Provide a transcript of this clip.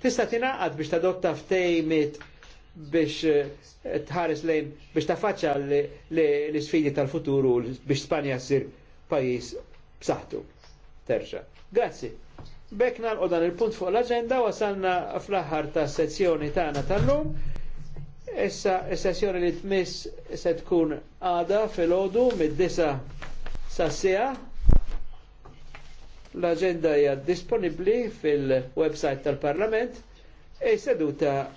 Tista' tingħaqad biex tadotta ftejmit biex eh, tħares lejn biex tafaċċa l-sfidi tal-futuru biex Spanja ssir pajis b'saħħtu. Terġa. Grazzi. Bek nalqu dan il-punt fuq l-agenda wasalna fl-aħħar ta' sezzjoni tagħna tal-lum. Issa s sessjoni li tmiss se tkun għada fil-ħodu mid-disa sa' sija. L-agenda hija disponibbli fil-website tal-Parlament e seduta